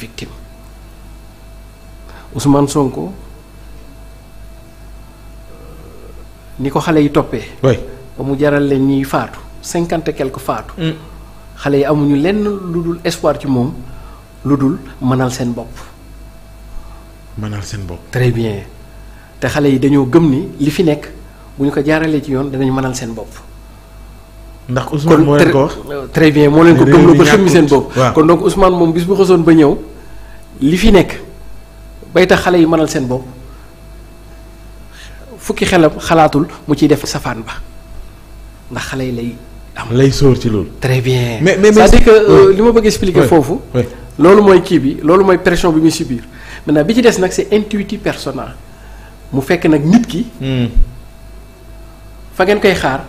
victime Ousmane Sonko ni ko xale yi toppee. ba mu jaral leen ñuy faatu cinquante et quelque faatu. Mm. xale yi amuñu lenn lu dul espoir ci moom lu dul mënal seen bopp. mënal seen bopp. très bien te xale yi dañoo gëm ni li fi nekk bu ñu ko jaaralee ci yoon danañ mënal seen bopp. ndax Ousmane moo leen ko wax kon moom bis bu xasoon ba ñëw. li fi nekk bay tax xale yi mënal seen bopp fukki xelam xalaatul mu ciy def safaan ba ndax xale yi lay am lay sóor ci loolu. très bien mais mais cest que euh, li ma bëgg expliquer foofu. loolu mooy kii bi loolu mooy pression bi mu muy subir maintenant bi ci des nag c'est intuitif personnel mu fekk nag nit ki. Hmm. fa ngeen koy xaar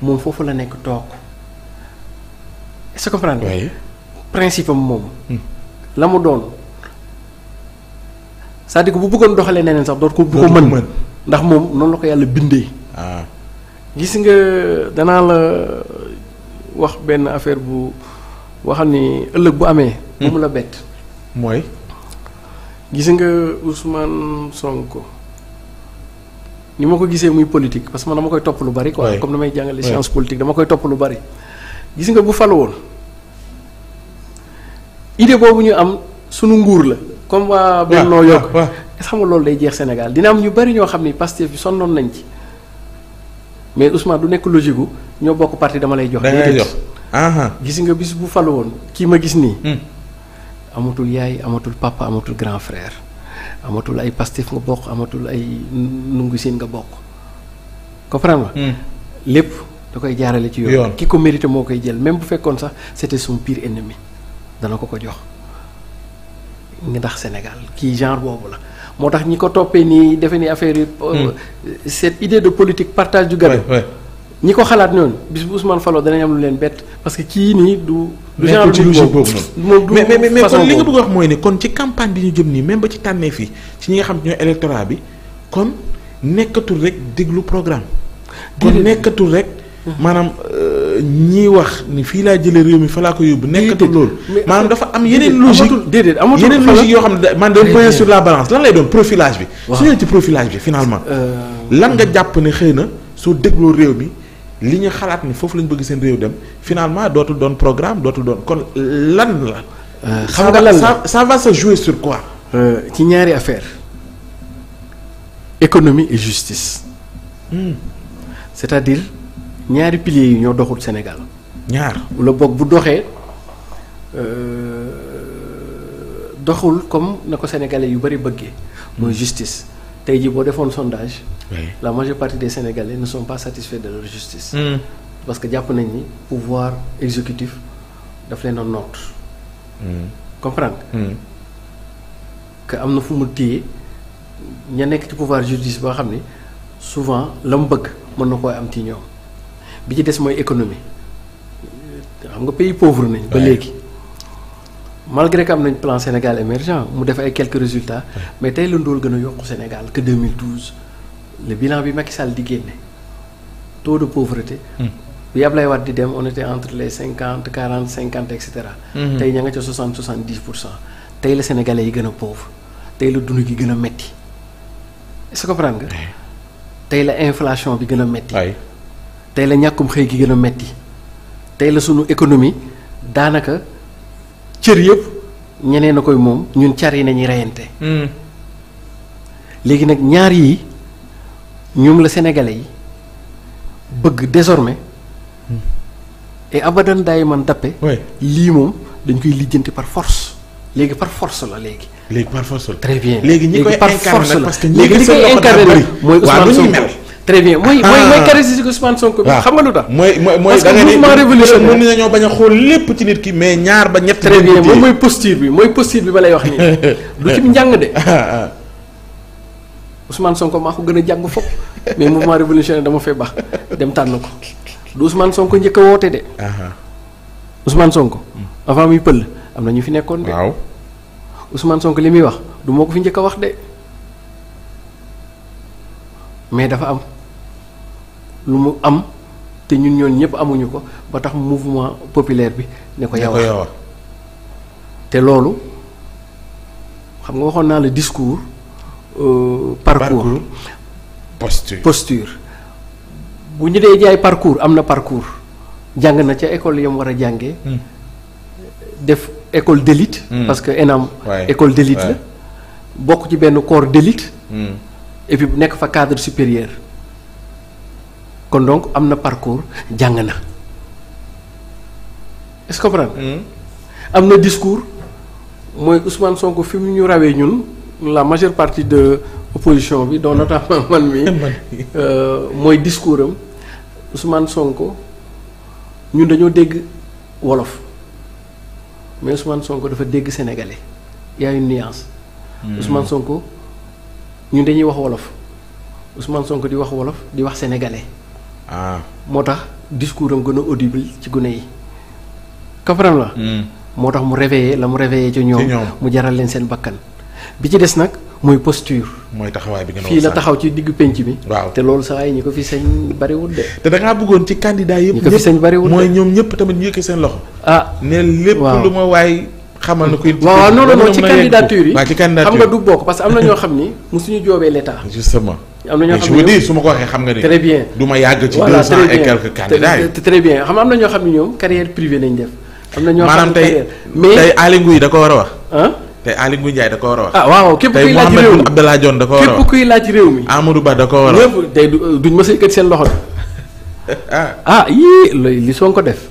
moom foofu la nekk toog est-ce que moom. Hmm. la mu doon. c'est-à-dire bu bëggoon doxalee neneen sax dootu ko du ko mën ndax moom noonu la ko yàlla bindee ah. gis nga danaa la wax benn affaire bu waxal ni ëllëg bu amee mu hmm. la bett mooy gis nga Ousmane Sonko ni ma ko gisee muy politique parce que man dama koy topp lu bari quoi comme damay jàngale science politique dama koy topp lu bari gis nga bu fal woon idée boobu ñu am sunu nguur la. comme waa Benno Yokk xam nga loolu day jeex Sénégal dina am ñu bari ñoo xam ni Pastef bi sonnoon nañ ci mais Ousmane du nekk logique gu ñoo bokk parti dama lay jox. dama lay gis nga bis bu falu woon kii ma gis nii. Hmm. amatul yaay amatul papa amatul grand frère amatul ay Pastef nga bokk amatul ay nungu siin nga bokk comprendre nga. Hmm. lépp da koy jaarale ci yoon. ki ko mérité moo koy jël même bu fekkoon sax c'était son piir ennemi dana ko ko jox. ngi ndax Sénégal kii genre boobu la moo tax ñi ko toppee nii defe ni affaire yi. Euh, hmm. cette idée de politique partage du gâteau. ñi ko xalaat ñoon bis bu Ousmane Fallo danañ am lu leen bett parce que ci nii du. du genre du boobu noonu mais mais kon li nga bëgg wax mooy ne kon ci campagne bi ñu jëm nii même ba ci tànnee fii ci ñi nga xam ñoo électorat bi kon nekkatul rek diglu programme. kon nekkatul rek hmm. maanaam. ñii wax ni fii laa jëlee réew mi fa laa ko yóbbu nekkatul loolu maanaam dafa am yeneen logique déedéet amatul yeneen logique yoo xam ne man da point sur la balance lan lay doon profilage bi su ñëwee ci profilage bi finalement euh, lan nga hmm. jàpp ne xëy na soo dégloo réew mi li ñu xalaat ni foofu lañ bëgg seen réew dem finalement dootul doon programme dootul doon kon lan la euh, xam nga lan va se jouer sur quoi euh, ci ñaari affaire économie et justice hmm. à dire ñaari piliers yi ñoo doxul Sénégal. ñaar wala boog bu doxee euh, doxul comme na ko sénégalais yu bari bëggee. mooy hmm. justice tey jii boo defoon sondage. la majeure partie des sénégalais ne sont pas satisfaits de leur justice. Hmm. parce que jàpp nañ ni pouvoir exécutif daf leen a noot. Hmm. comprendre que am na fu mu téye ña nekk ci pouvoir justice boo xam ni souvent la mu bëgg mën na koy am ci ñoom. bi ci des mooy économie xam nga pays pauvre nañ. ba léegi malgré que am nañ plan Sénégal émergent mu def ay quelques résultats. mais tey la ndóol gën a yokku Sénégal que 2012 le bilan bi Macky Sall di génne taux de pauvreté. Hmm. bi Ablaye Wade di dem on était entre les cinquante quarante cinquante et cetera. Hmm. tey ña nga ca soixante soixante dix pour cent. tey la sénégalais yi gën a pauvre tey la dund gi gën a metti est-ce que nga. tey la inflation bi gën a metti. tey la ñàkkum xëy gi gën a metti tey la sunu économie daanaka cër yëpp ñeneen a koy moom ñun car yi nañuy reyante. Hmm. léegi nag ñaar yi ñoom la sénégalais yi bëgg désormais hmm. et abadan daay man dappe lii moom dañ koy lijjanti par force léegi par force la léegi. léegi ñi koy incarné nag mooy Ousmane Sonko très bien mooy. mooy ah. mooy caractéristique Ousmane Sonko bi. xam nga du tax mooy mooy mooy da nga ni mouvement révolution mën nañoo bañ a xool lépp ci ki mais ñaar ba ñett. très bien moom mooy posture bi mooy posture bi ba lay wax nii du ci njàng de. Ah, ah, Ousmane Sonko maa ko gën a jàng fopp mais mouvement révolutionnaire dama fee baax dem tànn ko du Ousmane Sonko njëkk a woote de. Ousmane Sonko. Hmm. avant muy pël am na ñu fi nekkoon de. waaw Ousmane Sonko li muy wax du moo ko fi njëkk a wax de mais dafa am. lu mu am te ñun ñoon ñëpp amuñu ko ba tax mouvement populaire bi ne ko yow te loolu xam nga waxoon naa la discours euh, parcours posture posture bu ñu dee jaay parcours am na parcours jàng na ca école yam war a jàngee hmm. def école d'élite mm. parce que ENAM ouais. école d'élite la bokk ci benn corps d'élite mm. bu nekk fa cadre supérieur kon donc am na parcours jàng na est hmm. am na discours mooy Ousmane Sonko fi mu ñu rawee ñun la majeure partie de opposition bi dont notamment man mi euh, mooy discours am Ousmane Sonko ñun dañoo dégg wolof mais Ousmane Sonko dafa dégg sénégalais y a une nuance. Hmm. Ousmane Sonko ñun dañuy wax wolof Ousmane Sonko di wax wolof di wax sénégalais. Ah. moo tax discours am gën a audible ci gune yi kafaram la hmm. moo tax mu réveillé la mu réveillé ci ñoom mu jaral leen seen bakkan bi ci des nag mooy posture. mooy taxawaay bi nga fii la taxaw ci diggu penc bi. waaw te loolu saa yi ñi ko fi sañ bariwul de. te da bëggoon ci candidat yëpp. ñi ko mooy ñoom ñëpp tamit ñu yëkkati seen loxo. ah ne lépp lu ma waay. xamal na ko it waaw non non ci candidature yi. xam nga du bokk parce am na ñoo xam ni mosuñu joobee l' état. justement. am na ñoo xam ne su ma ko waxee xam nga ni. très bien du ma yàgg ci deux cent et quelques candidats très bien xam am na ñoo xam ne ñoom carrière privée lañ def. am na ñoo xam ne carrière mais maanaam da ko war a wax. tey Aly Ngouille Ndiaye da ko a ah, waaw képp kuy laaj réew mi tey Mouhamed da ko war a wax képp kuy laaj réew mi. Amadou Ba ko war a wax ñëpp tey euh, duñ mës a yëkkati seen loxo bi. Ah. ah yii li Sonko def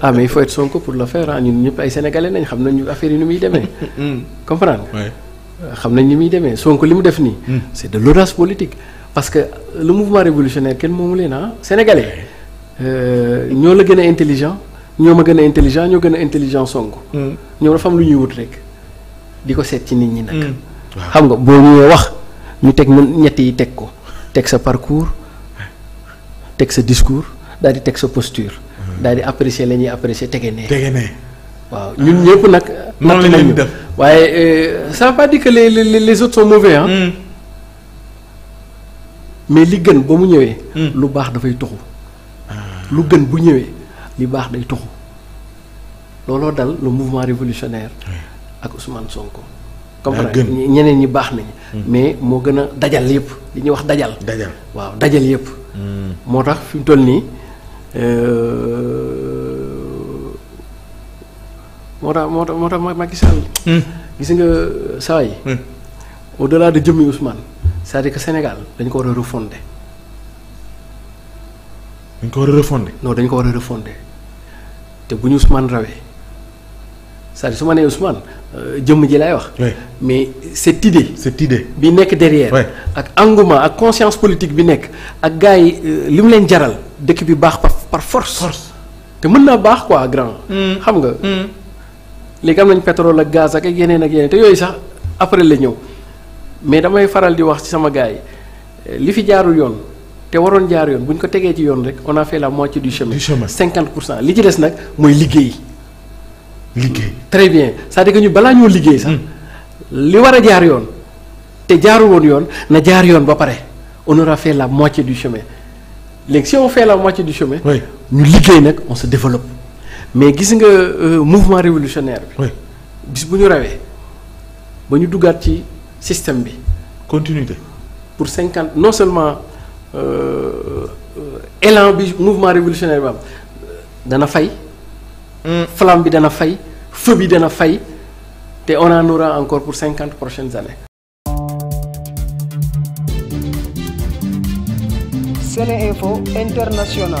ah mais il faut être pour le faire ah ñun ñëpp ay sénégalais nañ xam nañu affaire yi ni muy demee hmm. comprendre xam nañ ni muy demee Sonko li mu def nii. Hmm. c'est de l'audace politique. parce que le mouvement révolutionnaire kenn moomu leen ah sénégalais euh, ñoo la gën a intelligent ñoo ma gën a intelligent ñoo gën a intelligent Sonko. Hmm. ñoom dafa am lu ñuy wut rek di ko seet ci nit ñi nag. Hmm. xam nga boo ñëwee wax ñu teg ñett yi teg ko teg sa parcours teg sa discours daal di teg sa posture. daal di apprécier la ñuy apprécier tege nee. tege waaw ñun ñëpp nag. noonu la leen def waaye euh, ça veut pas dire que les les les autres hmm. mais li gën ba mu ñëwee. Hmm. lu baax dafay toxu. lu gën bu ñëwee li baax day toxu looloo dal lu mouvement révolutionnaire ak Ousmane Sonko. comme ñeneen ñi baax nañu. Hmm. mais moo gën a dajal yëpp li ñuy wax dajal. dajal waaw dajal yëpp. moo tax fi mu toll nii. Euh, moo tax moo tax moo tax Macky Sall. Hmm. gis nga euh, saa yi. Hmm. au delà de jëmmi Ousmane cest que Sénégal dañ ko war a refonder. dañ ko war a refonder. dañ ko war te bu ñu Ousmane rawee cest à su ma nee Ousmane euh, jëmm ji laay wax. mais cette idée. cette idée bi nekk derrière. ak engouement ak conscience politique bi nekk ak gars yi euh, li mu leen jaral dëkk bi baax par par force. te mën naa baax quoi grand. Hmm. xam nga. léegi am nañ pétrole ak gaz ak yeneen ak yeneen te yooyu sax après la ñëw mais damay faral di wax ci sama gars yi li fi jaarul yoon te waroon jaar yoon bu ñu ko tegee ci yoon rek on a fait la moitié du chemin. du chemin 50 pour cent li nag mooy liggéey. liggéey bien cest à ñu balaa ñoo liggéey sax. Hmm. li war a jaar yoon. te jaarul woon yoon na jaar yoon ba pare on aura fait la moitié du chemin léegi si on fait la moitié du chemin. ñu liggéey nag on se développe. mais gis nga euh, mouvement révolutionnaire bi. bis bu ñu rawee ba ñu duggaat ci système bi. continuité pour cinquante non seulement euh, euh élan bi mouvement révolutionnaire bi am dana fay. Hmm. flamme bi dana fay feu bi dana fay te on en aura encore pour cinquante prochaines années. SeneInfo International.